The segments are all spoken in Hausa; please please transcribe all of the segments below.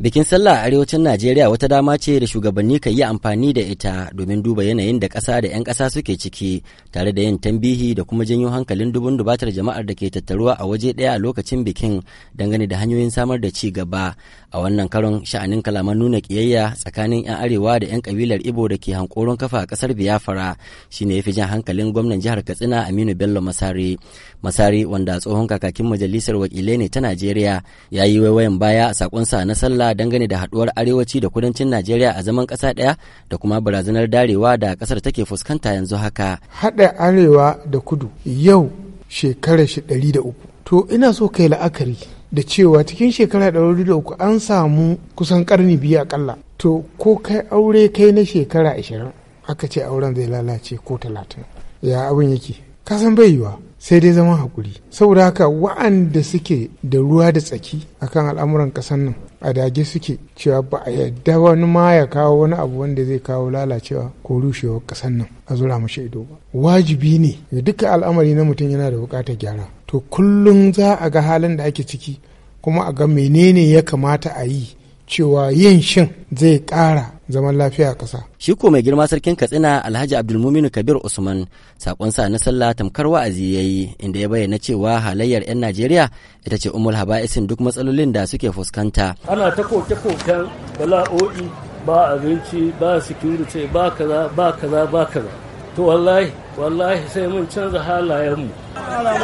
Bikin sallah a arewacin Najeriya wata dama ce da shugabanni ka yi amfani da ita domin duba yanayin da ƙasa da 'yan ƙasa suke ciki tare da yin tambihi da kuma janyo hankalin dubun dubatar jama'ar da ke tattaruwa a waje ɗaya a lokacin bikin dangane da hanyoyin samar da ci gaba. A wannan karon sha'anin kalaman nuna ƙiyayya tsakanin 'yan arewa da 'yan ƙabilar Ibo da ke hankoron kafa a ƙasar Biafra shine ya fi jan hankalin gwamnan jihar Katsina Aminu Bello Masari. Masari wanda tsohon kakakin majalisar wakilai ne ta Najeriya ya yi waiwayan baya a sakonsa na sallah dangane da haduwar arewaci da kudancin Najeriya a zaman kasa ɗaya da kuma barazanar darewa da kasar take fuskanta yanzu haka. Haɗa arewa da kudu yau shekarar shi ɗari da uku. To ina so kai la'akari da cewa cikin shekara ɗari da uku an samu kusan ƙarni biyu akalla. To ko kai aure kai na shekara ashirin aka ce auren zai lalace ko talatin. Ya abin yake. Ka san bai yiwa sai dai zaman hakuri saboda haka wa'anda suke da ruwa da tsaki akan al'amuran ƙasar nan a dage suke cewa ba a yadda wani ma ya kawo wani abu wanda zai kawo lalacewa ko rushewar ƙasar nan a zura mashi ido ba wajibi ne ga duka al'amari na mutum yana da buƙatar gyara to kullum za a ga halin da ake ciki kuma a ga menene ya kamata a yi cewa yin shin zai ƙara zaman lafiya a ƙasa. Shi ko mai girma sarkin Katsina Alhaji Abdulmuminu Kabir Usman sakonsa na sallah tamkar wa'azi ya yi inda ya bayyana cewa halayyar 'yan Najeriya ita ce umul haba'isin duk matsalolin da suke fuskanta. Ana ta koke-koken bala'o'i ba abinci ba security ba kaza ba kaza ba kaza. To wallahi wallahi sai mun canza halayenmu.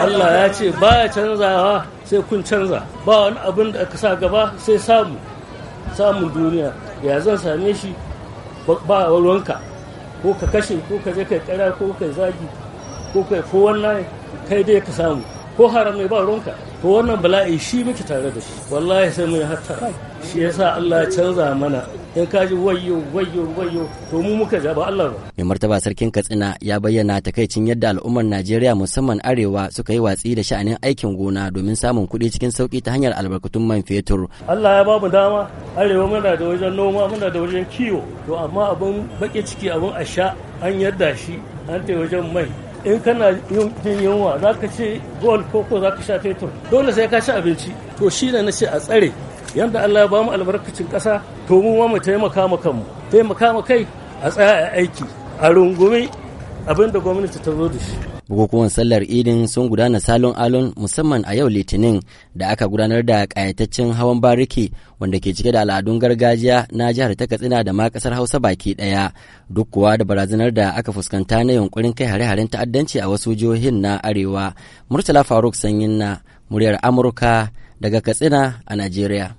Allah ya ce ba ya canzawa sai kun canza ba wani abin da aka sa gaba sai samu samun duniya. ya zan same shi ba a ruwanka ko ka kashe ko ka je kai kara ko kai zagi ko kai ko wannan kai dai ka samu ko haram ne ba ruwanka ko wannan bala'i shi muke tare da shi wallahi sai mun hatta shi yasa Allah ya canza mana in ka ji wayyo wayyo wayyo to mu muka ja ba Allah ba mai martaba sarkin Katsina ya bayyana takaicin yadda al'ummar Najeriya musamman arewa suka yi watsi da sha'anin aikin gona domin samun kuɗi cikin sauki ta hanyar albarkatun man fetur Allah ya ba mu dama arewa muna da wajen noma muna da wajen kiwo to amma abin baki ciki abin asha an yarda shi an ta wajen mai in kana yin yunwa za ka ce gol ko za ka sha fetur dole sai ka ci abinci to shi ne na ce a tsare yadda Allah ya bamu albarkacin ƙasa to mu ma mu taimaka ma kanmu taimaka ma kai a tsaya a aiki a rungumi abin da gwamnati ta zo da shi bukukuwan sallar idin sun gudana salon alon musamman a yau litinin da aka gudanar da kayataccen hawan bariki wanda ke cike da al'adun gargajiya na jihar ta katsina da ma kasar hausa baki daya duk kuwa da barazanar da aka fuskanta na yunkurin kai hare-haren ta'addanci a wasu jihohin na arewa murtala faruk sanyin na muryar amurka daga katsina a najeriya